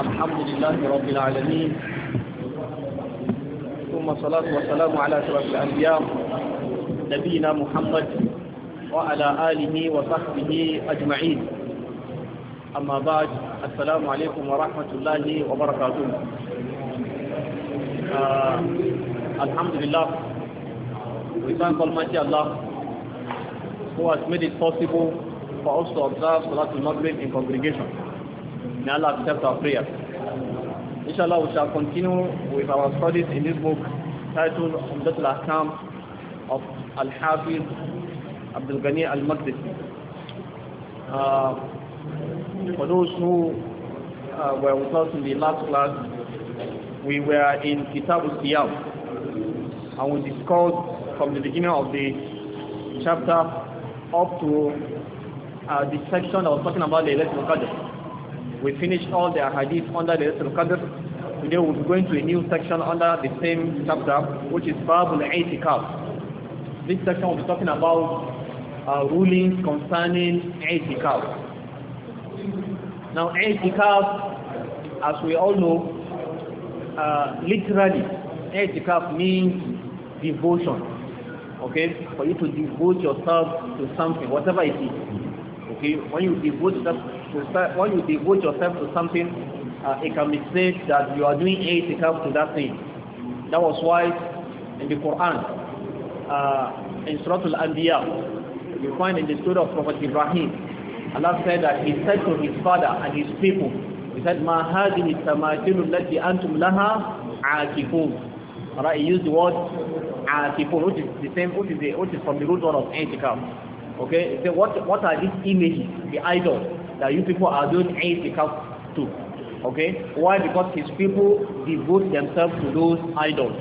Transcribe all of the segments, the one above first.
الحمد لله رب العالمين ثم صلاة وسلام على سيدنا الأنبياء نبينا محمد وعلى آله وصحبه أجمعين أما بعد السلام عليكم ورحمة الله وبركاته آه، الحمد لله we thank Almighty Allah who has made it possible for us to observe Salatul Maghrib in congregation. May Allah accept our prayer. Inshallah, we shall continue with our studies in this book titled Umdat al-Ahkam of Al-Hafiz Abdul Ghani al-Maqdisi. Uh, for those who uh, were with us in the last class, we were in Kitab al-Siyam and we discussed from the beginning of the chapter up to uh, the section that was talking about the Laylatul Qadr. We finished all the hadith under the Laylatul Qadr. Today we'll be going to a new section under the same chapter, which is Babul Aitikaf. This section will be talking about uh, rulings concerning Aitikaf. Now Aitikaf, as we all know, uh, literally, Aitikaf means devotion okay, for you to devote yourself to something, whatever it is okay, when you devote yourself to, when you devote yourself to something, uh, it can be said that you are doing itikaf to that thing. That was why in the Quran, uh, in Surah Al-Anbiya, you find in the story of Prophet Ibrahim, Allah said that he said to his father and his people, he said, مَا هَذِهِ التَّمَاثِلُ الَّتِي أَنْتُمْ لَهَا عَاكِفُونَ Alright, he used the word عَاكِفُونَ, which is the same, which is, the, which is from the root word of itikaf. Okay, so what, what are these images, the idols that you people are doing itikaf to? Okay, why? Because his people devote themselves to those idols.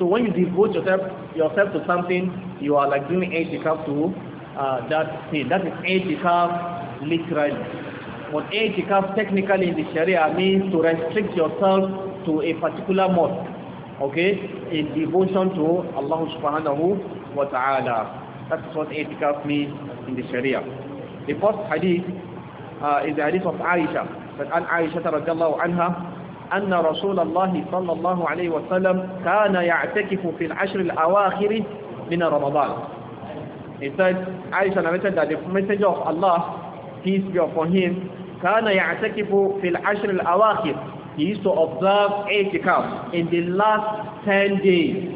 So when you devote yourself yourself to something, you are like doing itikaf to uh, that thing. That is itikaf literally. But itikaf technically in the Sharia means to restrict yourself to a particular mode Okay, in devotion to Allah subhanahu wa ta'ala. That is what itikaf means in the Sharia. The first hadith uh, is the hadith of Aisha. That an Aisha radiallahu anha أن رسول الله صلى الله عليه وسلم كان يعتكف في العشر الأواخر من رمضان. He said, Aisha narrated that the messenger of Allah, peace be upon him, كان يعتكف في العشر الأواخر. He used to observe itikaf in the last 10 days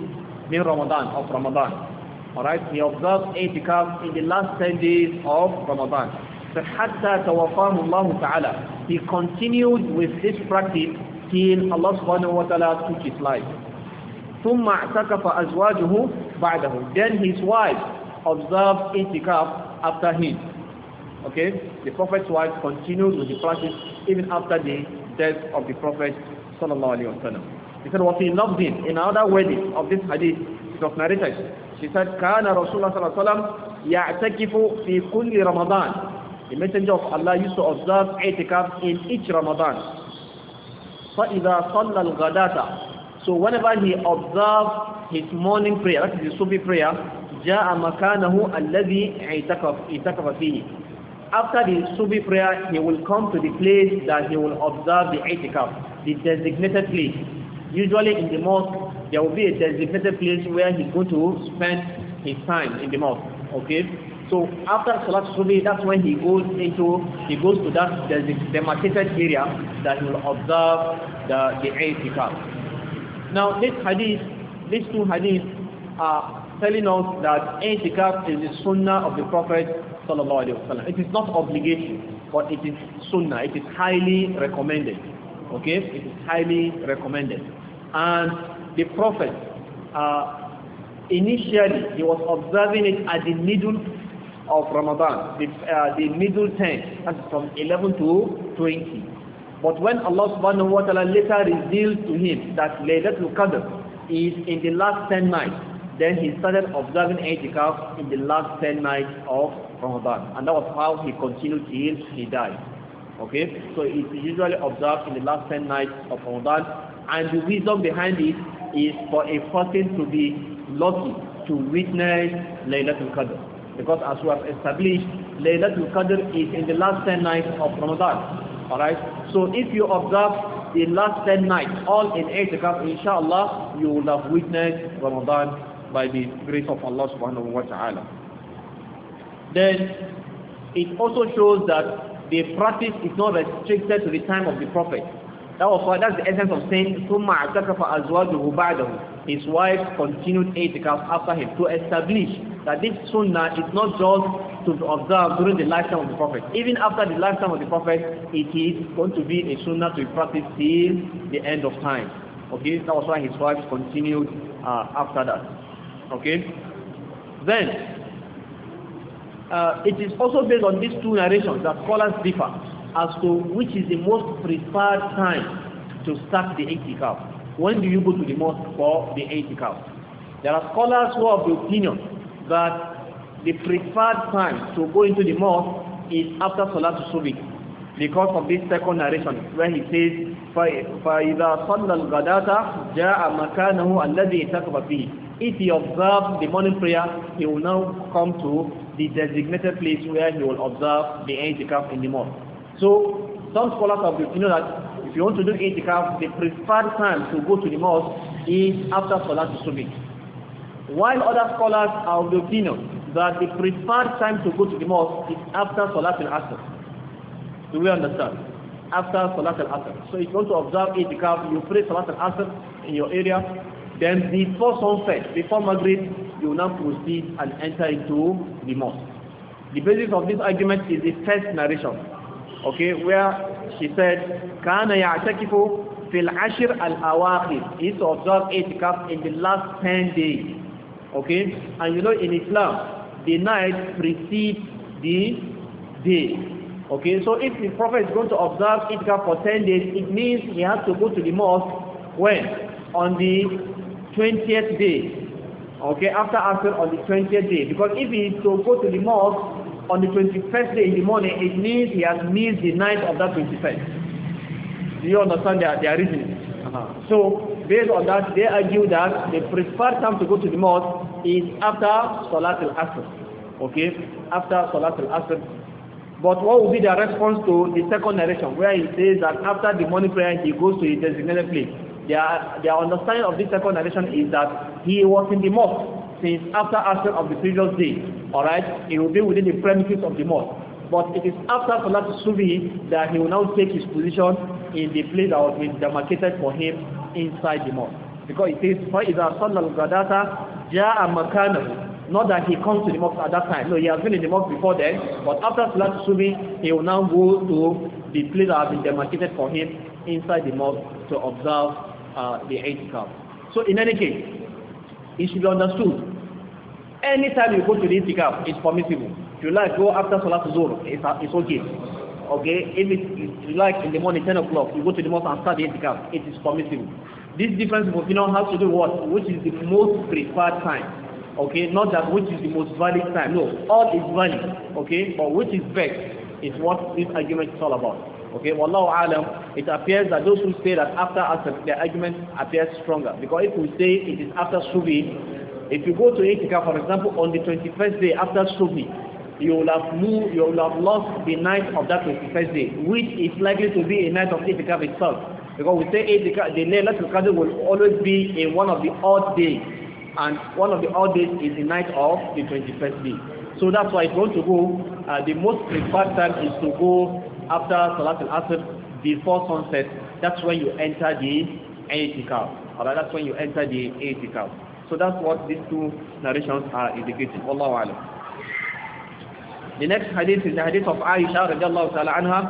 in Ramadan, of Ramadan. Alright, he observed itikaf in the last 10 days of Ramadan. But hatta tawafahu Allah ta'ala, he continued with this practice till Allah subhanahu wa ta'ala took his life. Then his wife observed itikaf after him. Okay, the Prophet's wife continued with the practice even after the death of the Prophet sallallahu alaihi wasallam. He said, "What in love In another wedding of this hadith, it was narrated She said, رسول الله صلى الله عليه وسلم يعتكف في كل رمضان The Messenger of Allah used to observe itikaf in each Ramadan. فَإِذَا صَلَّى الْغَدَاةَ So whenever he observed his morning prayer, that is the Sufi prayer, جَاءَ مَكَانَهُ الَّذِي اعتكف فِيهِ after the Sufi prayer, he will come to the place that he will observe the itikaf, the designated place. Usually in the mosque, there will be a designated place where he's going to spend his time in the mosque. Okay? So after Salat Subi, that's when he goes into, he goes to that demarcated area that he will observe the, the Aitikaf. Now this hadith, these two hadith are telling us that Aitikaf is the sunnah of the Prophet It is not obligation, but it is sunnah. It is highly recommended. Okay? It is highly recommended. And the Prophet, uh, initially he was observing it at the middle of Ramadan, the, uh, the middle ten, that's from 11 to 20. But when Allah subhanahu wa ta'ala later revealed to him that Laylatul Qadr is in the last 10 nights, then he started observing itikaf in the last 10 nights of Ramadan. And that was how he continued till he died. Okay, so it's usually observed in the last 10 nights of Ramadan. And the reason behind it is for a person to be lucky to witness Laylatul Qadr. Because as we have established, Laylatul Qadr is in the last 10 nights of Ramadan. Alright? So if you observe the last 10 nights, all in itikaf, inshallah, you will have witnessed Ramadan by the grace of Allah subhanahu wa ta'ala. Then, it also shows that the practice is not restricted to the time of the Prophet That was why that's the essence of saying ثُمَّ اعْتَكَفَ أَزْوَاجُهُ بَعْدَهُ His wife continued itikaf after him to establish that this sunnah is not just to observe during the lifetime of the Prophet. Even after the lifetime of the Prophet, it is going to be a sunnah to be practiced till the end of time. Okay, that was why his wife continued uh, after that. Okay, then uh, it is also based on these two narrations that scholars differ. as to which is the most preferred time to start the itikaf. When do you go to the mosque for the itikaf? There are scholars who have the opinion that the preferred time to go into the mosque is after Salatul Subih because of this second narration where he says فَإِذَا صَلَّى الْغَدَاةَ جَاءَ مَكَانَهُ الَّذِي تَقْبَ فِيهِ If he observes the morning prayer, he will now come to the designated place where he will observe the itikaf in the mosque. So some scholars have you know that if you want to do itikaf, the preferred time to go to the mosque is after Salat Subhi. While other scholars are of the opinion that the preferred time to go to the mosque is after Salat al-Asr. Do we understand? After Salat al-Asr. So if you want to observe itikaf, you pray Salat al-Asr in your area, then before sunset, before Maghrib, you now proceed and enter into the mosque. The basis of this argument is the first narration okay, where she said, "Kana كَانَ fil فِي al الْأَوَاخِرِ He observed itikaf in the last 10 days. Okay? And you know in Islam, the night precedes the day. Okay? So if the Prophet is going to observe itikaf for 10 days, it means he has to go to the mosque when? On the 20th day. Okay? After after on the 20th day. Because if he is to go to the mosque on the 21st day in the morning, it means he has missed the night of that 21st. Do you understand their, their reasoning? Uh -huh. So, based on that, they argue that the preferred time to go to the mosque is after Salat al-Asr. Okay? After Salat al-Asr. But what will be their response to the second narration, where he says that after the morning prayer, he goes to his designated place? Their, their understanding of this second narration is that he was in the mosque since after Asr of the previous day All right, He will be within the premises of the mosque. But it is after Salat Subi that he will now take his position in the place that was demarcated for him inside the mosque. Because it says, why is فَإِذَا صَلَّ الْغَدَاةَ جَاءَ مَكَانَهُ Not that he comes to the mosque at that time. No, he has been in the mosque before then. But after Salat Subi, he will now go to the place that has been demarcated for him inside the mosque to observe uh, the eight cup. So in any case, it should be understood Anytime you go to the itikaf, it's permissible. If you like, go after Salat Zuhr, it's, uh, it's okay. Okay, if, it, you like in the morning, ten o'clock, you go to the mosque and start the itikaf, it is permissible. This difference of opinion has to do what? Which is the most preferred time. Okay, not that which is the most valid time. No, all is valid. Okay, but which is best is what this argument is all about. Okay, Wallahu Alam, it appears that those who say that after Asr, their argument appears stronger. Because if we say it is after Subi, If you go to Itika, for example, on the 21st day after Sufi, you will have moved, you will have lost the night of that 21st day, which is likely to be a night of Itikaf itself. Because we say Itikaf, the Laylatul Qadr will always be in one of the odd days. And one of the odd days is the night of the 21st day. So that's why it's going to go, uh, the most preferred time is to go after Salat al-Asr before sunset. That's when you enter the Itikaf. Alright, that's when you enter the Itikaf. So that's what these two narrations are indicating. Allahu alam. The next hadith is the hadith of Aisha radiallahu ta'ala anha.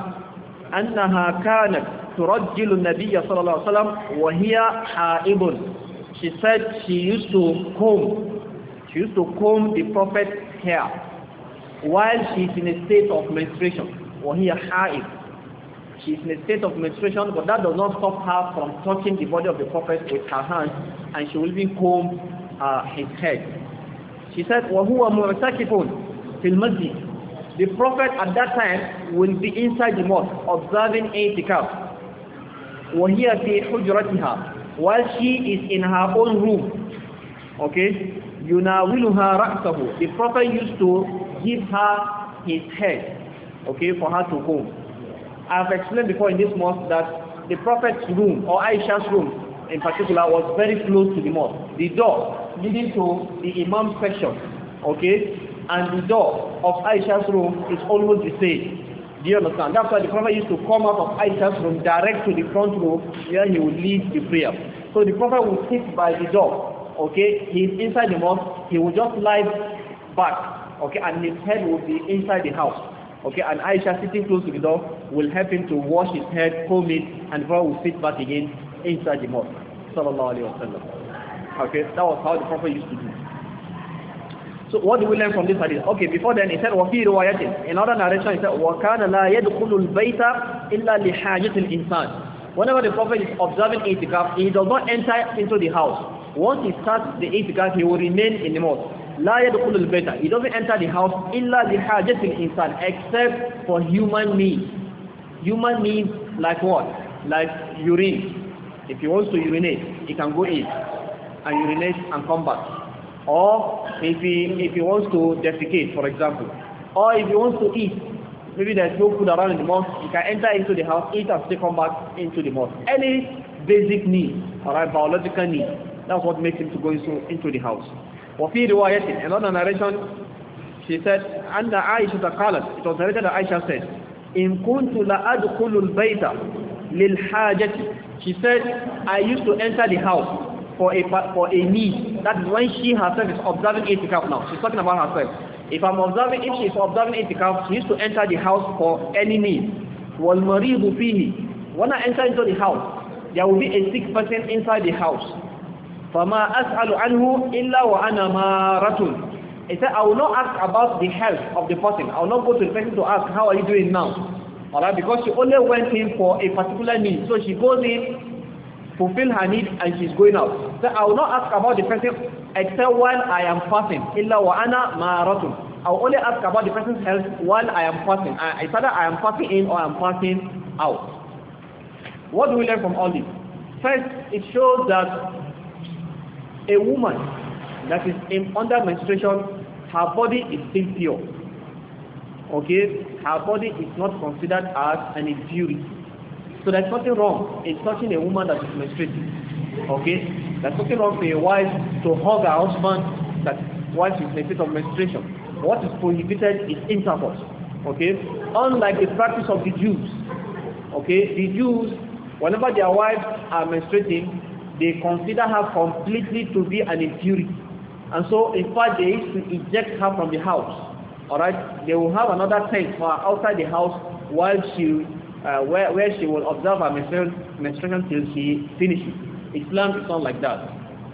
أنها كانت Nabiyya النبي صلى الله عليه وسلم وهي حائض. She said she used to comb. She used to comb the prophet's hair while she is in a state of menstruation. وهي حائض. She is in a state of menstruation, but that does not stop her from touching the body of the prophet with her hand, and she will even comb uh, his head. She said, وَهُوَ مُعْتَكِفٌ فِي الْمَسْجِدِ The prophet at that time will be inside the mosque, observing itikaf. وَهِيَ فِي حُجْرَتِهَا While she is in her own room. Okay? يُنَاوِلُهَا رَأْسَهُ The prophet used to give her his head, okay, for her to comb have explained before in this mosque that the Prophet's room, or Aisha's room in particular, was very close to the mosque. The door leading to the Imam section, okay, and the door of Aisha's room is almost the same. Do you understand? That's why the Prophet used to come out of Aisha's room direct to the front room where he would lead the prayer. So the Prophet would sit by the door, okay, he's inside the mosque, he would just lie back, okay, and his head would be inside the house. Okay, and Aisha sitting close to the door will help him to wash his head, comb it, and before will sit back again inside the mosque. Sallallahu alayhi wasallam. Okay, that was how the Prophet used to do. So what do we learn from this hadith? Okay, before then he said وَفِي رِوَايَةٍ In other narration he said وَكَانَ لَا يَدْخُلُ الْبَيْتَ إِلَّا لِحَاجَةِ الْإِنسَانِ Whenever the Prophet is observing itikaf, he does not enter into the house. Once he starts the itikaf, he will remain in the mosque. la yadkhulul bayta he doesn't enter the house illa li hajatil insan except for human needs human needs like what like urine if he wants to urinate he can go in and urinate and come back or if he if he wants to defecate for example or if he wants to eat maybe there's no food around in the mosque he can enter into the house eat and still come back into the mosque any basic need all right biological need that's what makes him to go into into the house وفي رواية in another narration she said أن عائشة قالت it was narrated that Aisha said إن كنت لأدخل البيت للحاجة she said I used to enter the house for a for a need. That is when she herself is observing itikaf now. She's talking about herself. If I'm observing, if she's observing itikaf, she used to enter the house for any need. Wal maridu fihi. When I enter into the house, there will be a sick person inside the house. فما أسأل عنه إلا وأنا مارة He said, I will not ask about the health of the person. I will not go to the person to ask, how are you doing now? Alright, because she only went in for a particular need. So she goes in, fulfill her need, and she's going out. So I will not ask about the person except while I am fasting. Illa wa ana ma'aratun. I will only ask about the person's health while I am fasting. It's either I am fasting in or I am fasting out. What do we learn from all this? First, it shows that a woman that is in under menstruation, her body is impure. Okay? Her body is not considered as an impurity. So there's nothing wrong in touching a woman that is menstruating. Okay? There's nothing wrong for a wife to hug her husband that wife is in a state of menstruation. What is prohibited is intercourse. Okay? Unlike the practice of the Jews. Okay? The Jews, whenever their wives are menstruating, they consider her completely to be an impurity. And so, in fact, they used to eject her from the house. All right, They will have another tent for her outside the house while she, uh, where, where she will observe her menstruation, menstruation till she finishes. Islam is not like that.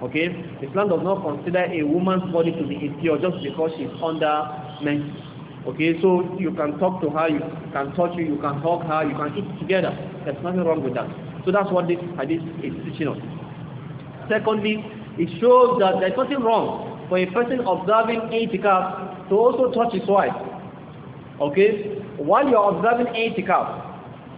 Okay? Islam does not consider a woman's body to be impure just because she's under menstruation. Okay, so you can talk to her, you can touch her, you can hug her, you can eat together. There's nothing wrong with that. So that's what this hadith is teaching us. Secondly, it shows that there is nothing wrong for a person observing itikaf to also touch his wife. Okay? While you are observing itikaf,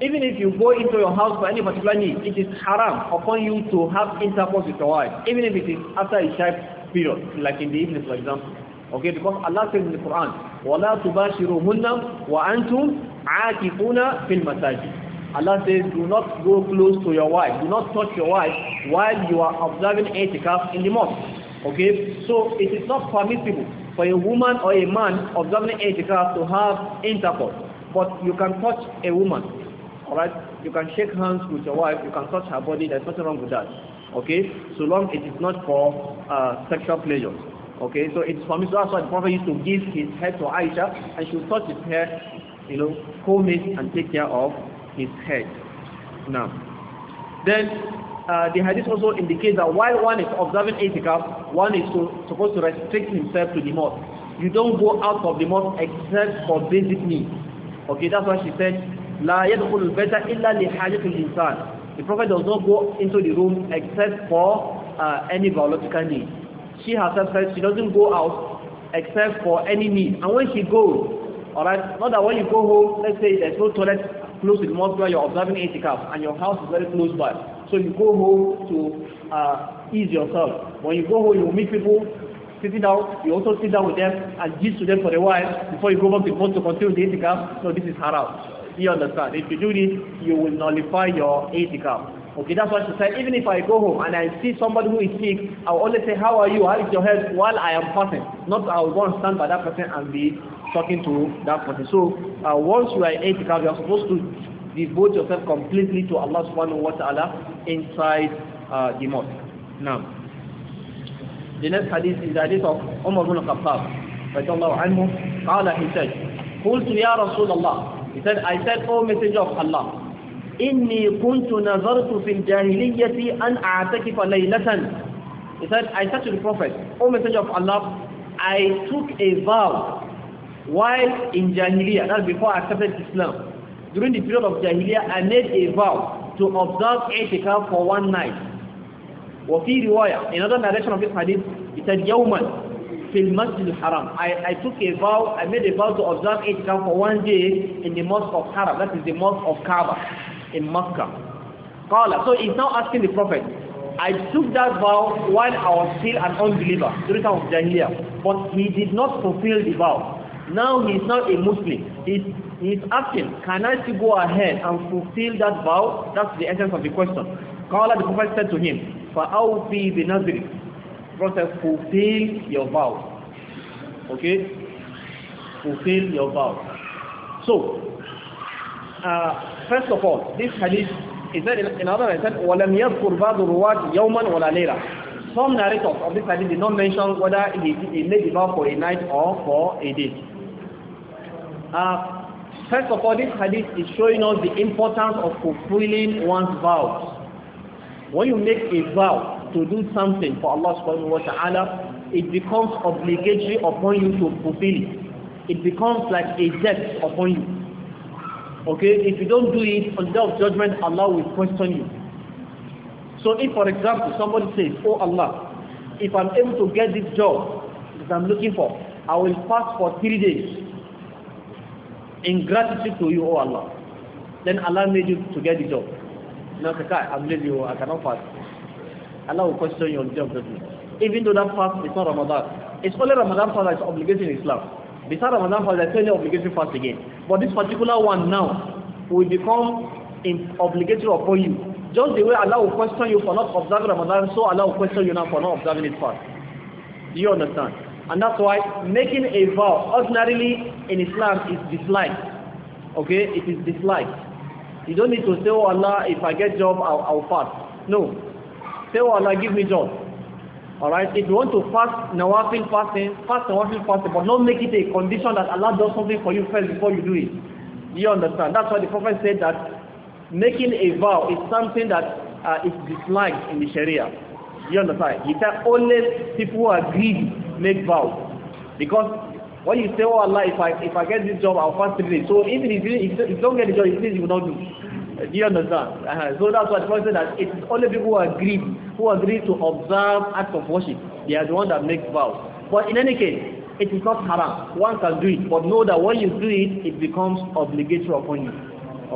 even if you go into your house for any particular need, it is haram upon you to have intercourse with your wife, even if it is after a sharp period, like in the evening, for example. Okay, because Allah says in the Quran, وَلَا تُبَاشِرُهُنَّ وَأَنْتُمْ عَاكِفُونَ فِي الْمَسَاجِدِ Allah says, do not go close to your wife. Do not touch your wife while you are observing itikaf in the mosque. Okay? So it is not permissible for a woman or a man observing itikaf to have intercourse. But you can touch a woman. Alright? You can shake hands with your wife. You can touch her body. There's nothing wrong with that. Okay? So long it is not for uh, sexual pleasure. Okay? So it's permissible. That's why the Prophet used to give his head to Aisha and she would touch his hair, you know, comb it and take care of his head. Now, then uh, the hadith also indicates that while one is observing itikaf, one is to, supposed to restrict himself to the mosque. You don't go out of the mosque except for basic needs. Okay, that's why she said, لا يدخل البيت إلا لحاجة الإنسان. The Prophet does not go into the room except for uh, any biological need. She herself says she doesn't go out except for any need. And when she goes, alright, not that when you go home, let's say there's no toilet close to the mosque where you're observing itikaf and your house is very close by. So you go home to uh, ease yourself. When you go home, you meet people sitting down. You also sit down with them and gist to them for a while before you go back to the mosque to continue the itikaf. So this is haram. You understand? If you do this, you will nullify your itikaf. Okay, that's what she said. Even if I go home and I see somebody who is sick, I will always say, how are you? How is your health? While I am fasting. Not I will go and stand by that person and be talking to that person. So uh, once you are in itikaf, you are supposed to devote yourself completely to Allah subhanahu wa ta'ala inside uh, the mosque. Now, the next hadith is the hadith of Umar ibn Khattab, radiallahu anhu, qala he said, قلت يا رسول الله he said I said O messenger of Allah إني كنت نظرت في الجاهلية أن أعتكف ليلة he said I said to the prophet O messenger of Allah I took a vow While in Jahiliyyah, that's before I accepted Islam, during the period of Jahiliyyah, I made a vow to observe itikaf for one night. وفي رواية, another narration of this hadith, it said, يوما في المسجد الحرام. I, I took a vow, I made a vow to observe itikaf for one day in the mosque of Haram, that is the mosque of Kaaba in Mecca. Qala, so he's now asking the Prophet, I took that vow while I was still an unbeliever, during the time of Jahiliyyah, but he did not fulfill the vow. Now he is not a Muslim. He, is asking, can I still go ahead and fulfill that vow? That's the essence of the question. Qala, the Prophet said to him, "For how the بِنَذْرِ Prophet, fulfill your vow. Okay? Fulfill your vow. So, uh, first of all, this hadith is that in other words, وَلَمْ يَذْكُرْ بَعْضُ الرُّوَاتِ يَوْمًا وَلَا لَيْلًا some narrators of this hadith did not mention whether he, he made the vow for a night or for a day. Uh, first of all, this hadith is showing us the importance of fulfilling one's vows. When you make a vow to do something for Allah subhanahu wa ta'ala, it becomes obligatory upon you to fulfill it. It becomes like a debt upon you. Okay, if you don't do it on the day of judgment, Allah will question you. So if, for example, somebody says, Oh Allah, if I'm able to get this job that I'm looking for, I will fast for three days in gratitude to you, O Allah. Then Allah made you to get the job. Now, Kaka, I'm leaving you, oh, I cannot fast. Allah will question your job, even though that fast is not Ramadan. It's only Ramadan fast that is obligation in Islam. Besides Ramadan fast, there there's only obligation fast again. But this particular one now will become obligatory upon you. Just the way Allah will question you for not observing Ramadan, so Allah will question you now for not observing it fast. Do you understand? And that's why making a vow ordinarily in Islam is disliked. Okay, it is disliked. You don't need to say, oh Allah, if I get job, I'll, I'll fast. No. Say, oh Allah, give me job. Alright, if you want to fast nawafil fasting, fast nawafil fasting, but not make it a condition that Allah does something for you first before you do it. You understand? That's why the Prophet said that making a vow is something that uh, is disliked in the Sharia. You understand? It's only people who are greedy make vow. Because when you say, oh Allah, if I if I get this job, I'll fast today. So even if you, if you don't get the job, it means you will not do. Uh, do you understand? Uh -huh. So that's why the Prophet said that it's only people who agree, who agree to observe acts of worship. They are the ones that make vows. But in any case, it is not haram. One can do it. But know that when you do it, it becomes obligatory upon you.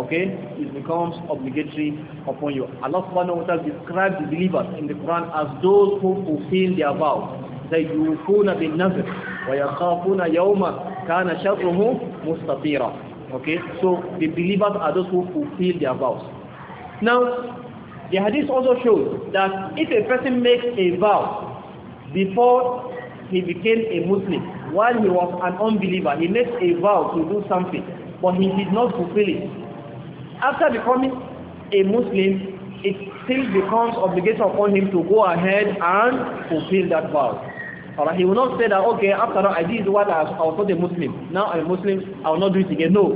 Okay? It becomes obligatory upon you. Allah subhanahu wa ta'ala describes the believers in the Quran as those who fulfill their vows. سيوفون بالنذر ويخافون يوما كان شره مستطيرا okay so the believers are those who fulfill their vows now the hadith also shows that if a person makes a vow before he became a Muslim while he was an unbeliever he makes a vow to do something but he did not fulfill it after becoming a Muslim it still becomes obligation upon him to go ahead and fulfill that vow Alright, he will not say that, okay, after all, I did what I, was not a Muslim. Now I'm a Muslim, I will not do it again. No.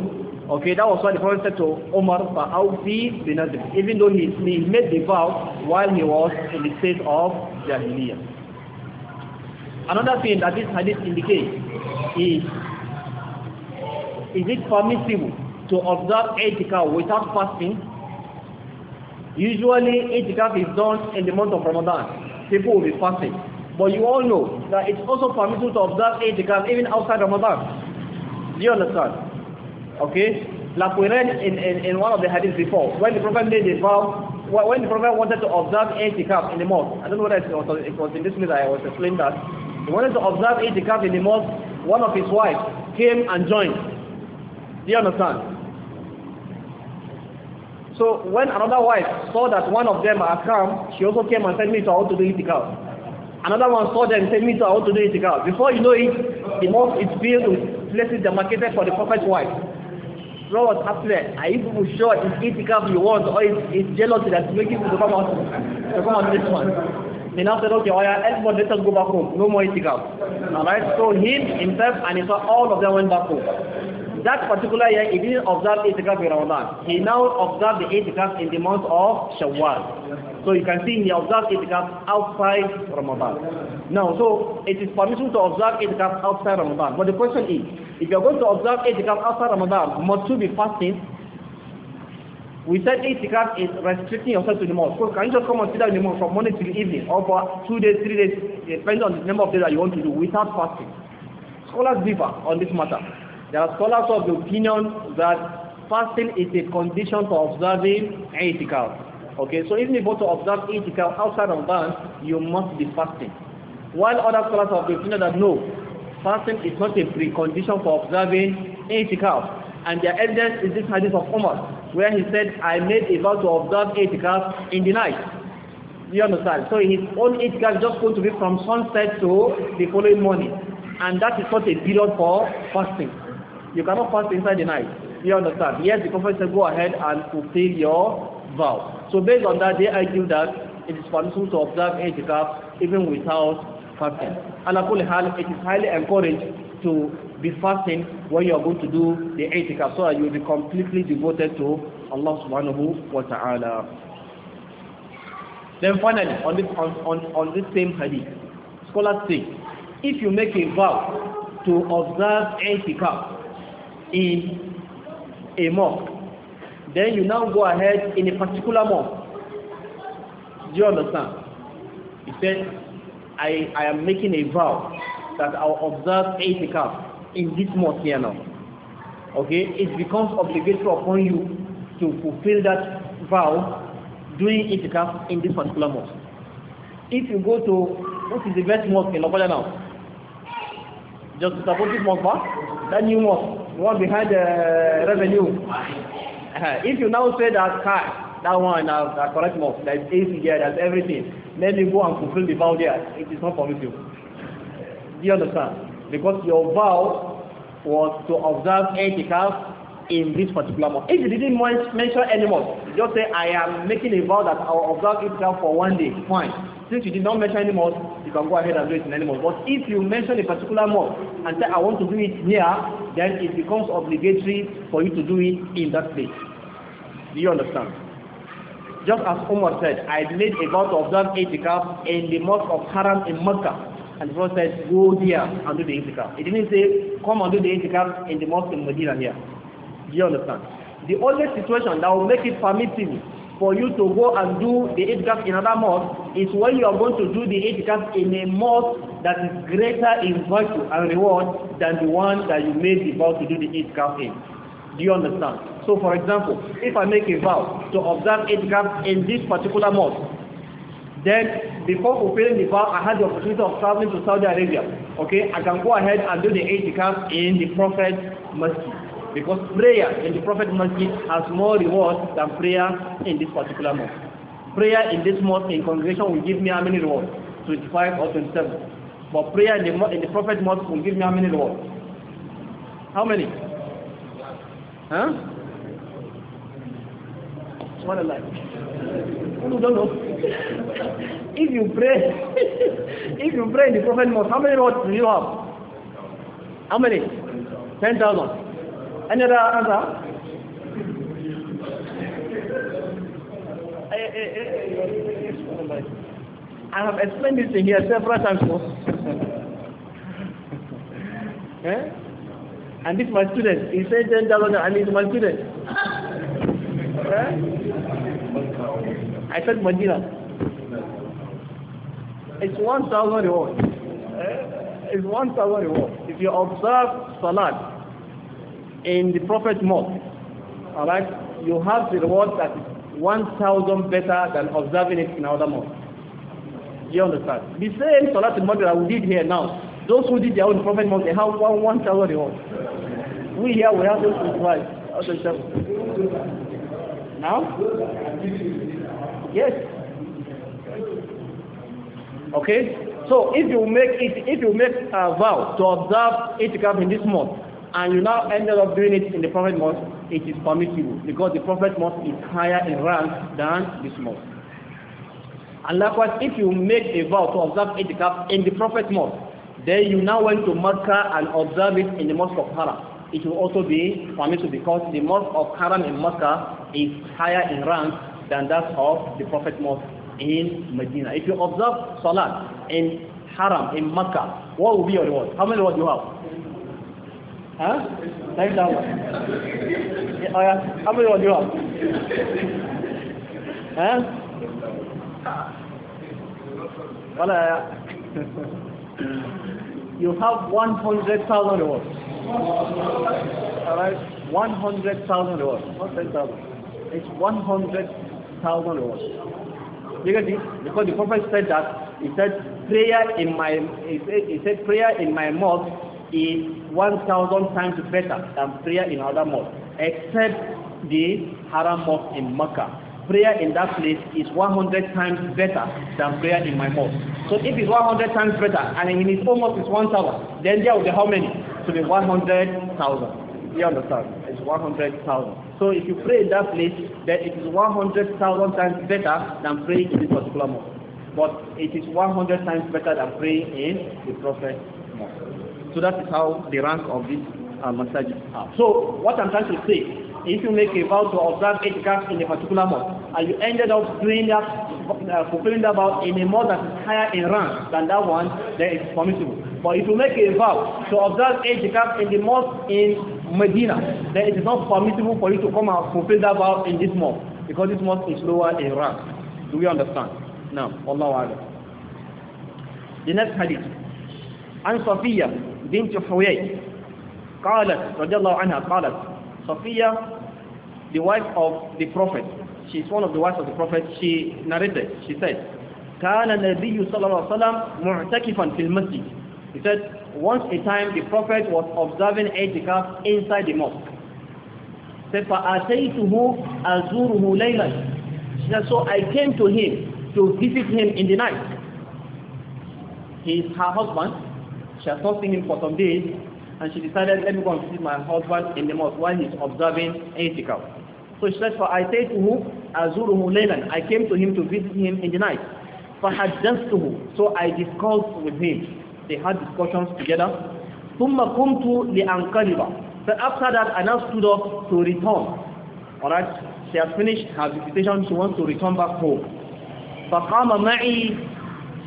Okay, that was what the Prophet said to Omar, فَأَوْفِي بِنَذْرِ Even though he, he made the vow while he was in the state of Jahiliyyah. Another thing that this hadith indicates is, is it permissible to observe itikaf without fasting? Usually itikaf is done in the month of Ramadan. People will be fasting. But you all know that it's also permissible to observe itikaf even outside Ramadan. Do you understand? Okay? Like we read in, in, in one of the hadiths before, when the Prophet made his vow, when the Prophet wanted to observe itikaf in the mosque, I don't know whether it was, it was in this minute I was explaining that, he wanted to observe itikaf in the mosque, one of his wives came and joined. Do you understand? So when another wife saw that one of them had come, she also came and said me to how to do itikaf. Another one saw them and said, me too, I want to do it, itikaf. Before you know it, the mosque is filled with places demarcated for the prophet's wife. What was happening? are you people sure it's itikaf you want or it's, it's jealousy that's making you come out to come out this one? They now said, okay, well, everybody, let us go back home. No more itikaf. Alright, so him, himself, and he saw all of them went back home. that particular year, he didn't observe itikaf in Ramadan. He now observed the itikaf in the month of Shawwal. So you can see he observed itikaf outside Ramadan. Now, so it is permissible to observe itikaf outside Ramadan. But the question is, if you are going to observe itikaf outside Ramadan, must you be fasting? We said itikaf is restricting yourself to the month. So can you just come and sit down in the month from morning till evening or for two days, three days, depending on the number of days that you want to do without fasting? Scholars differ on this matter. There are scholars of the opinion that fasting is a condition for observing itikaf. Okay, so even if you want to observe itikaf outside of that, you must be fasting. While other scholars of the opinion that no, fasting is not a precondition for observing itikaf. And their evidence is this hadith of Umar, where he said, I made a vow to observe itikaf in the night. You understand? So his own itikaf is just going to be from sunset to the following morning. And that is not a period for fasting. You cannot fast inside the night. You understand? Yes, the Prophet said, go ahead and fulfill your vow. So based on that, they argue that it is permissible to observe itikaf even without fasting. And I hal, it is highly encouraged to be fasting when you are going to do the itikaf so that you will be completely devoted to Allah subhanahu wa ta'ala. Then finally, on this, on, on, on this same hadith, scholars say, if you make a vow to observe itikaf, in a mosque, Then you now go ahead in a particular mosque. Do you understand? He said, I, I am making a vow that I'll observe Etikaf in this mosque here now. Okay? It becomes obligatory upon you to fulfill that vow doing Etikaf in this particular mosque. If you go to, what is the best month in Lokola now? Just support this mosque huh? that new mosque what we had uh, revenue. Uh, if you now say that car, that one, uh, uh, correct me, there's AC there, there's everything, let me go and fulfill the vow there. It is not permissible. Do you understand? Because your vow was to observe 80 cars in this particular month. If you didn't mention any month, just say, I am making a vow that I will observe Israel for one day. Fine. Since you did not mention any month, you can go ahead and do it in any month. But if you mention a particular month and say, I want to do it here, then it becomes obligatory for you to do it in that place. Do you understand? Just as Umar said, I made a vow to observe Itikaf in the mosque of Haram in Mecca. And the Prophet said, go there and do the Itikaf. It didn't say, come and do the Itikaf in the mosque in Medina here. Do you understand? The only situation that will make it permitting for you to go and do the itikaf in another month is when you are going to do the itikaf in a month that is greater in virtue and reward than the one that you made the vow to do the itikaf in. Do you understand? So for example, if I make a vow to observe itikaf in this particular month, then before fulfilling the vow, I had the opportunity of traveling to Saudi Arabia. Okay, I can go ahead and do the itikaf in the Prophet's mosque. because prayer in the prophet masjid has more reward than prayer in this particular month prayer in this month in congregation will give me how many rewards 25 or 27 but prayer in the, in the prophet month will give me how many rewards how many huh what a life you don't know if you pray if you pray in the prophet month how many rewards do you have how many 10,000 Any other answer? Eh, eh, eh, I, have explained this thing here several times before. eh? And this my student. He said ten and he's my student. eh? I said Medina. It's one thousand reward. Eh? It's one thousand reward. If you observe Salat, in the prophet mosque, all right, you have the reward that is 1,000 better than observing it in other mosques. you understand? The same Salat al that we did here now, those who did their own prophet mosque, they have 1,000 reward. We here, we have those who twice. Now? Yes. Okay? So if you make it, if you make a vow to observe it in this month, and you now ended up doing it in the Prophet mosque, it is permissible because the Prophet mosque is higher in rank than this mosque. And likewise, if you make a vow to observe itikaf in the Prophet mosque, then you now went to Makkah and observe it in the mosque of Haram. It will also be permissible because the mosque of Haram in Makkah is higher in rank than that of the Prophet mosque in Medina. If you observe Salat in Haram in Makkah, what will be your reward? How many rewards do you have? Huh? Name that one. Yeah, oh yeah. How many one you have? huh? Well, uh, you have 100,000 rewards. Alright? 100,000 rewards. Not 10,000. It's 100,000 rewards. Because this? Because the Prophet said that, he said, prayer in my, he said, he said prayer in my mouth is 1,000 times better than prayer in other Mosque, except the Haram Mosque in Mecca. Prayer in that place is 100 times better than prayer in my mosque. So if it's 100 times better and in his own mosque it's 1,000, then there will be how many? To be 100,000. You understand? It's 100,000. So if you pray in that place, then it is 100,000 times better than praying in this particular mosque. But it is 100 times better than praying in the Prophet So that is how the rank of these uh, masajid are. So what I'm trying to say, if you make a vow to observe eight gaps in a particular month, and you ended up doing that, uh, fulfilling that vow in a month that is higher in rank than that one, then it's permissible. But if you make a vow to observe eight gaps in the month in Medina, then it is not permissible for you to come and fulfill that vow in this month because this month is lower in rank. Do we understand? Now, Allah The next hadith. عن صفية بنت حويي قالت رضي الله عنها قالت صفية the wife of the prophet she is one of the wives of the prophet she narrated she said كان النبي صلى الله عليه وسلم معتكفا في المسجد he said once a time the prophet was observing etiquette inside the mosque said فأتيته أزوره ليلا she said so I came to him to visit him in the night he is her husband she has not seen him for some days, and she decided, let me go and visit my husband in the mosque while he's observing ethical. So she said, فَأَيْتَيْتُهُ أَزُورُهُ لَيْلًا I came to him to visit him in the night. him. So I discussed with him. They had discussions together. ثُمَّ قُمْتُ لِأَنْقَلِبَ So after that, I now stood up to return. Alright? She has finished her visitation. She wants to return back home. فَقَامَ مَعِي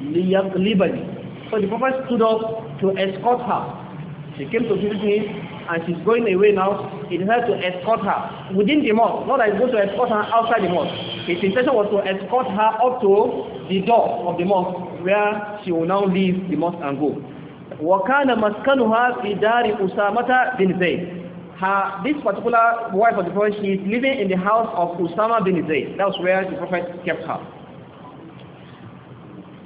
لِيَقْلِبَنِي So the prophet stood up to escort her. She came to visit me and she's going away now. It is to escort her within the mosque. Not that it's going to escort her outside the mosque. His intention was to escort her up to the door of the mosque where she will now leave the mosque and go. وَكَانَ مَسْكَنُهَا فِي دَارِ أُسَامَةَ بِنْ زَيْدٍ her, this particular wife of the Prophet, she is living in the house of Usama bin Zayd. was where the Prophet kept her.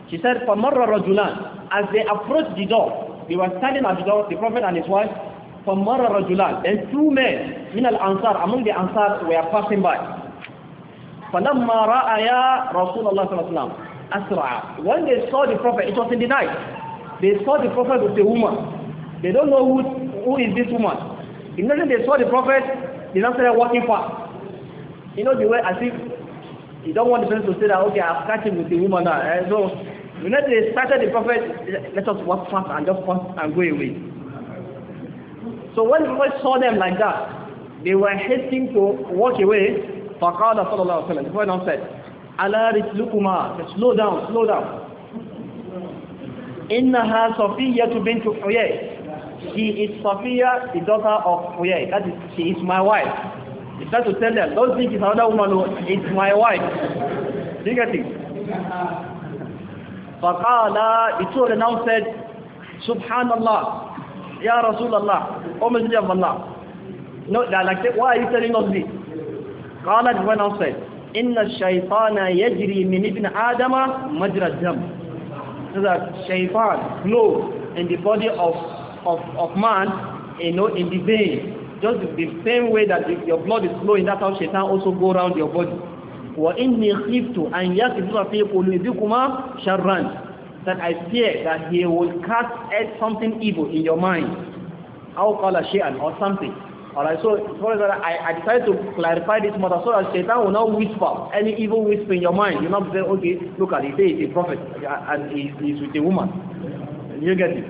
She said, فَمَرَّ رَجُلَانِ as they approached the door, they were standing at the door, the Prophet and his wife, from Mara Rajulan, and two men, min al-Ansar, among the Ansar, were passing by. فَلَمَّا رَأَيَا رَسُولَ اللَّهِ صَلَى اللَّهِ أَسْرَعَ When they saw the Prophet, it was in the night, they saw the Prophet with a woman. They don't know who, who is this woman. In Imagine they saw the Prophet, they now started walking fast. You know the way, as if you don't want the person to say that, okay, I'm catching with the woman now. Eh? So You know they started the prophet, let us walk fast and just fast and go away. So when the prophet saw them like that, they were hating to walk away. فَقَالَ صَلَى اللَّهُ wa وَسَلَّمَ The prophet now said, أَلَا رِسْلُكُمَا Slow down, slow down. to bin to حُيَيْ She is Safiya, the daughter of Huyay. That is, she is my wife. He started to tell them, don't think it's another woman, it's my wife. Do you get it? Faqala, the two of them said, Subhanallah, Ya Rasulallah, O Messenger of Allah. No, like that, why are you telling us this? Qalat when I said, Inna shaytana yajri Adama majra jam. in the body of, of, of man, you know, in the vein. Just the same way that your blood is flowing, that's how shaitan also go around your body wa inni khiftu an yakdhiba fi qulubikuma sharran that I fear that he will cast out something evil in your mind aw qala shay'an or something alright so for that I, I decided to clarify this matter so that shaitan will not whisper any evil whisper in your mind you know, say okay look at it say it's a prophet and he is with a woman you get it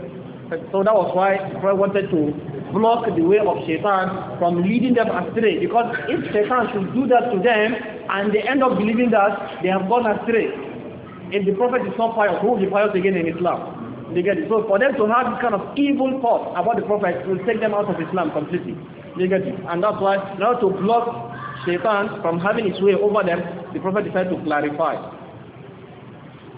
so that was why I wanted to block the way of shaitan from leading them astray. Because if shaitan should do that to them and they end up believing that they have gone astray, if the prophet is not fired, who will be pious again in Islam? They get it. So for them to have this kind of evil thought about the prophet will take them out of Islam completely. They get it. And that's why, now to block shaitan from having its way over them, the prophet decided to clarify.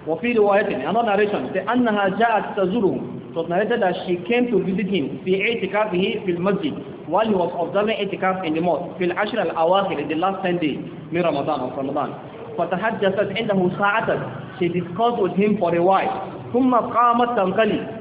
وفي رواية another narration أنها جاءت تزورهم It that she came to visit him في اعتكافه في المسجد while he was observing اعتكاف in the mosque في العشر الأواخر in the last 10 days من رمضان from Ramadan فتحدثت عنده ساعة she discussed with him for a while ثم قامت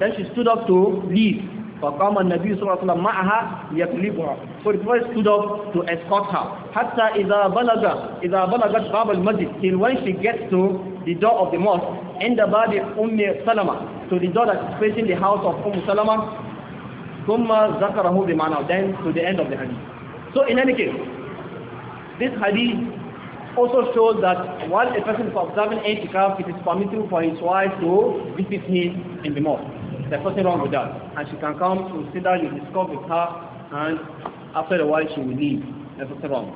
then she stood up to leave فقام النبي صلى الله عليه وسلم معها يقلبها So the first stood up to escort her. حتى إذا بلغ إذا بلغت باب المسجد till when she gets to the door of the mosque عند باب أم سلمة to the door that is facing the house of Umm Salama ثم ذكره بمعنى then to the end of the hadith. So in any case, this hadith also shows that while a person is observing itikaf, it is permissible for his wife to visit him in the mosque. There's nothing wrong with that. And she can come to sit down, you discuss with her, and after a while she will leave. There's nothing wrong.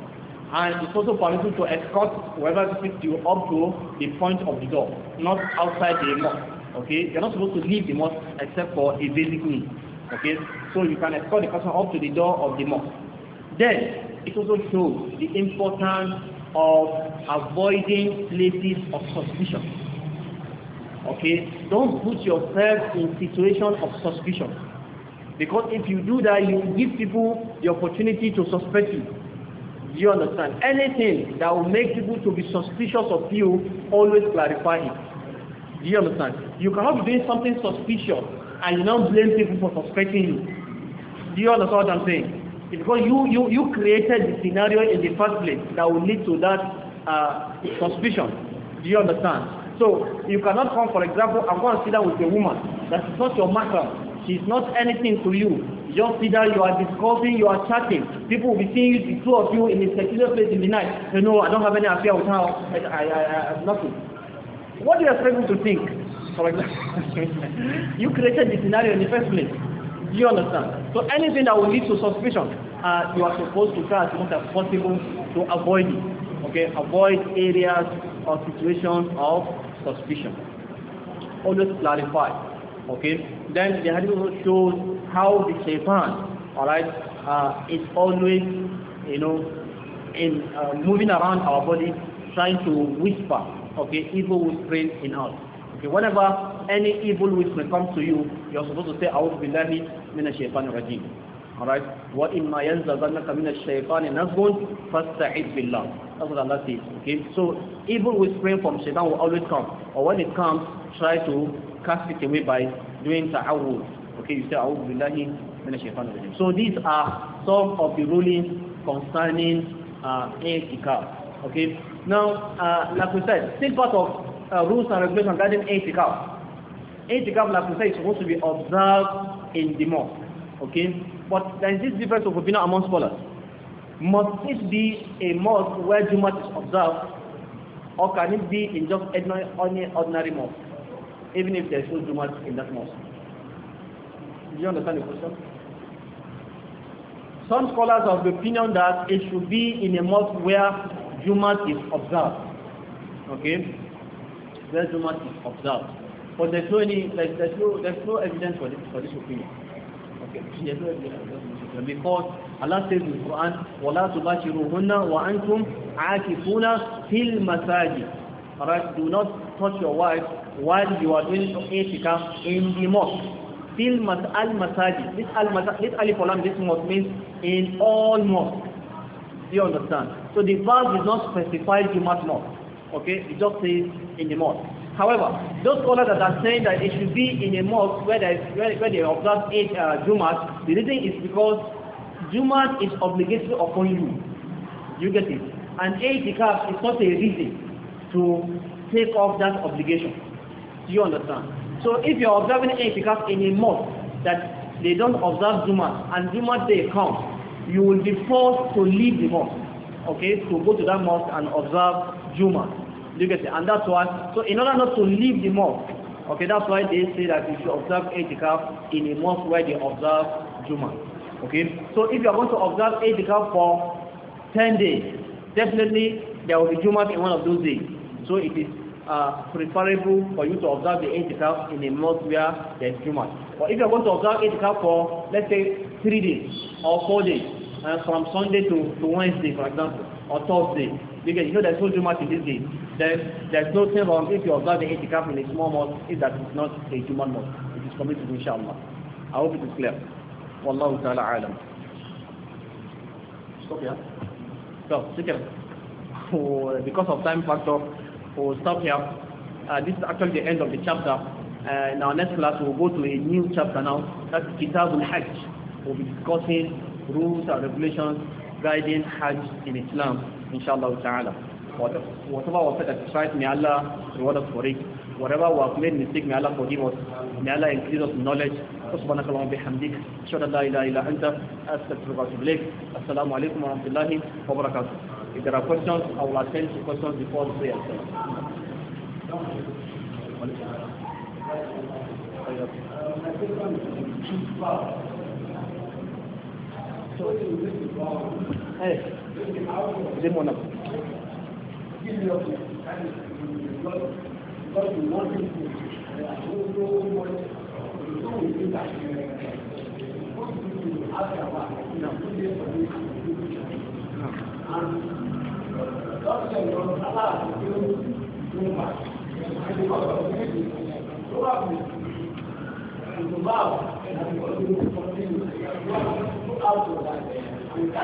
And it's also permitted to escort whoever speaks you up to the point of the door, not outside the mosque. Okay, you're not supposed to leave the mosque except for a basic need. Okay, so you can escort the person up to the door of the mosque. Then it also shows the importance of avoiding places of suspicion. Okay? Don't put yourself in situation of suspicion. Because if you do that, you give people the opportunity to suspect you. Do you understand? Anything that will make people to be suspicious of you, always clarify it. Do you understand? You cannot be doing something suspicious and you don't blame people for suspecting you. Do you understand what I'm saying? It's because you, you, you created the scenario in the first place that will lead to that uh, suspicion. Do you understand? So you cannot come, for example, I'm going to sit down with a woman. That is not your matter. She is not anything to you. Just sit down, you are discussing, you are chatting. People will be seeing you, the two of you in a particular place in the night. You know, I don't have any affair with her. I, I, I, I nothing. What do you expect them to think? For example, you created the scenario in the first place. Do you understand? So anything that will lead to suspicion, uh, you are supposed to try as much as possible to avoid it. Okay, avoid areas or situations of suspicion. Always clarify. Okay? Then the hadith also shows how the shaitan, alright, uh, is always, you know, in uh, moving around our body, trying to whisper, okay, evil whispering in us. Okay, whenever any evil whisper comes to you, you're supposed to say, "I will be A'udhu billahi minash shaitanir Alright? wa وَإِمَّا يَنْزَغَنَّكَ مِنَ الشَّيْطَانِ نَزْغٌ فَاسْتَعِذْ billah. That's what Allah says. Okay? So evil whispering from shaytan will always come. Or when it comes, try to cast it away by doing ta'awud. Okay, you say أَعُوذُ billahi مِنَ الشَّيْطَانِ الرَّجِيمِ So these are some of the rulings concerning uh, itikaf. Okay? Now, uh, like we said, still part of uh, rules and regulations regarding itikaf. Itikaf, like we said, is supposed to be observed in the mosque. Okay? But there is this difference of opinion among scholars. Must this be a mosque where Jumat is observed, or can it be in just any ordinary mosque, even if there is no Jumat in that mosque? Do you understand the question? Some scholars are of the opinion that it should be in a mosque where Jumat is observed. Okay? Where Jumat is observed. But there's no, any, there's, there's no, there's no evidence for this, for this opinion. Because Allah says in the Quran, وَلَا تُبَاشِرُهُنَّ وَأَنْتُمْ عَاكِفُونَ فِي الْمَسَاجِدِ Alright, do not touch your wife while you are doing itikaf in the mosque. Fil al masajid. This al masajid, this al olam, this mosque means in all mosques. Do you understand? So the verse does not specified to mosque. Okay, it just says in the mosque. However, those scholars that are saying that it should be in a mosque where they, where, where they observe eight uh, Jumas, the reason is because Jumas is obligatory upon you. You get it? And itikaf is not a reason to take off that obligation. Do you understand? So if you're observing itikaf in a mosque that they don't observe Jumas and Jumas day comes, you will be forced to leave the mosque, okay, to go to that mosque and observe Jumas. you get it? And that's why, so in order not to leave the mosque, okay, that's why they say that you should observe itikaf in a mosque where they observe Juma. Okay? So if you are going to observe itikaf for 10 days, definitely there will be Juma in one of those days. So it is uh, preferable for you to observe the itikaf in a month where there is Juma. But if you are going to observe itikaf for, let's say, three days or four days, uh, from Sunday to, to Wednesday, for example, or Thursday, Because you know there's no much in this day. There's, there's thing wrong if you observe the itikaf in a small mosque, if that is not a human mosque. It is permitted inshallah. I hope it is clear. Wallahu ta'ala alam. Stop here. So, take care. because of time factor, we'll stop here. Uh, this is actually the end of the chapter. Uh, in our next class, we'll go to a new chapter now. That's Kitab al-Hajj. We'll be discussing rules and regulations guiding Hajj in Islam. insha Allah ta'ala whatever was said that right may Allah reward us for it whatever was made mistake may Allah forgive us may Allah increase us in knowledge سبحانك اللهم وبحمدك اشهد ان لا اله الا انت استغفرك واتوب اليك السلام عليكم ورحمه الله وبركاته if there are questions I will attend to questions before the prayer Hey. ṣé mo nà.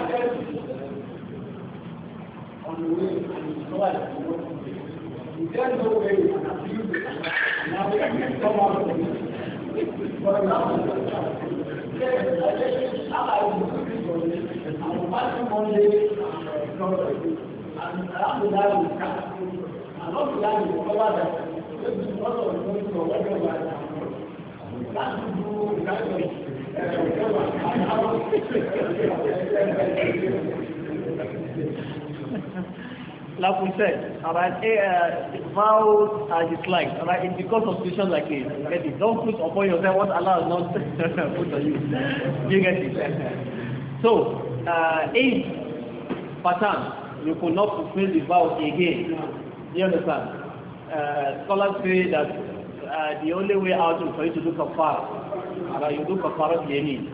Thank you on the way and his wife then go away and abuse it now they come out of it. For example, yes, I just I was for this and passing one and uh, and around the time we cut. And not the we discover that this is not of the most of what we are That's to do kind of like we said, about eh, uh, vows are disliked, alright, it's because of situations like this. Get it? Don't put upon yourself what Allah has not put on you. you get it? So, uh, if pattern, you could not fulfill the vow again, you understand? Uh, scholars say that uh, the only way out is for you to do kafara, alright, you do kafara yamin.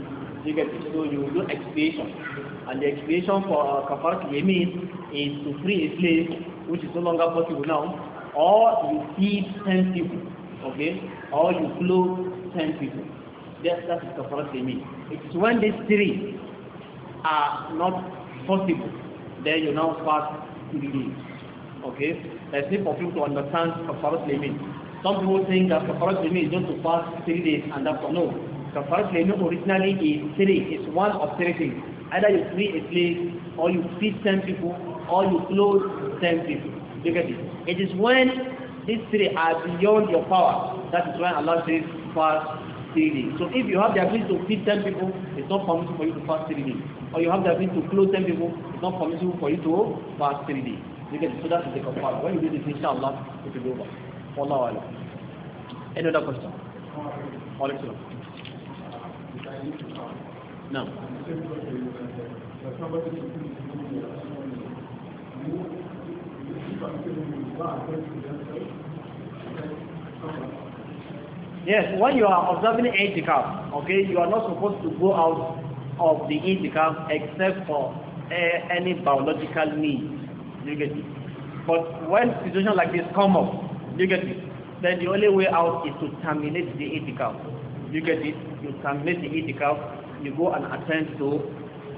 You get it? So you do expiation. And the expiation for uh, kafara yamin is to free a slave which is no longer possible now, or you feed ten people, okay, or you clothe ten people. That's, that is kafarat they mean. It's when these three are not possible, then you now fast to the days. Okay? That's it for people to understand kafarat limit. Some people think that kafarat limit is just to fast three days and that's all. No. Kafarat limit originally is three. It's one of three things. Either you free a slave or you feed ten people or you close 10 people. Look at this. It is when these three are beyond your power. That is when Allah says fast three days. So if you have the ability to feed 10 people, it's not permissible for you to fast three days. Or you have the ability to close 10 people, it's not permissible for you to fast three days. Look at this. So that is the kafara. When you do this, inshallah, it will be over. Wallahu Allah Any other question? No. Yes, when you are observing itikaf, okay, you are not supposed to go out of the itikaf except for uh, any biological need. You get it? But when situations like this come up, you get it? Then the only way out is to terminate the itikaf. You get it? You terminate the itikaf, you go and attend to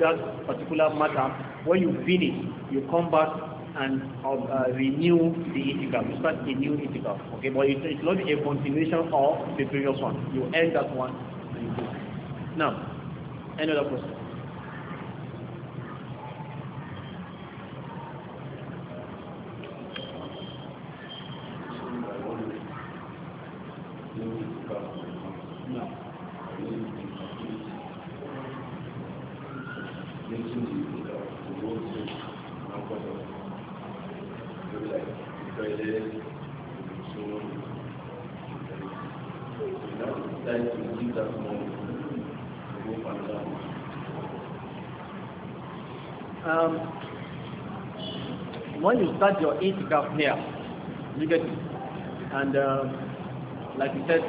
that particular matter, when you finish, you come back and um, uh, renew the itikaf. You start a new itikaf. Okay, but it's, it's, not a continuation of the previous one. You end that one. Now, another question. so, now decide to give that money Um, when you start your itikaf here, you get And uh, like you said,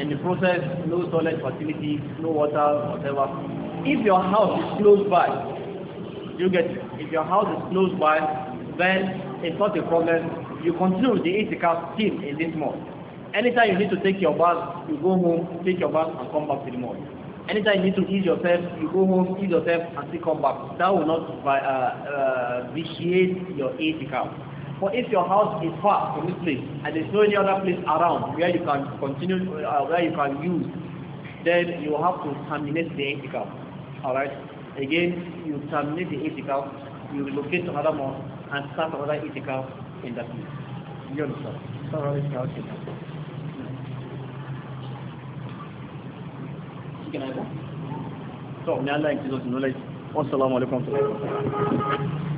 in the process, no toilet facilities, no water, whatever. If your house is close by, you get If your house is close by, then it's not a problem you continue the itikaf still in this mosque. Anytime you need to take your bath, you go home, take your bath and come back to the mosque. Anytime you need to eat yourself, you go home, eat yourself and still come back. That will not uh, uh, your itikaf. But if your house is far from this place and there's no any other place around where you can continue, uh, where you can use, then you have to terminate the ethical. Alright? Again, you terminate the ethical, you relocate to another mosque and start another ethical in that way you understand sọ̀rọ̀ rẹ̀ ṣe ọ̀ṣẹ̀ náà. Tọ́ ní aláìsí lọ́sùn lọ́lẹ́sì. Wọ́n sọ̀rọ̀ ọmọdé kan tó lẹ́yìn.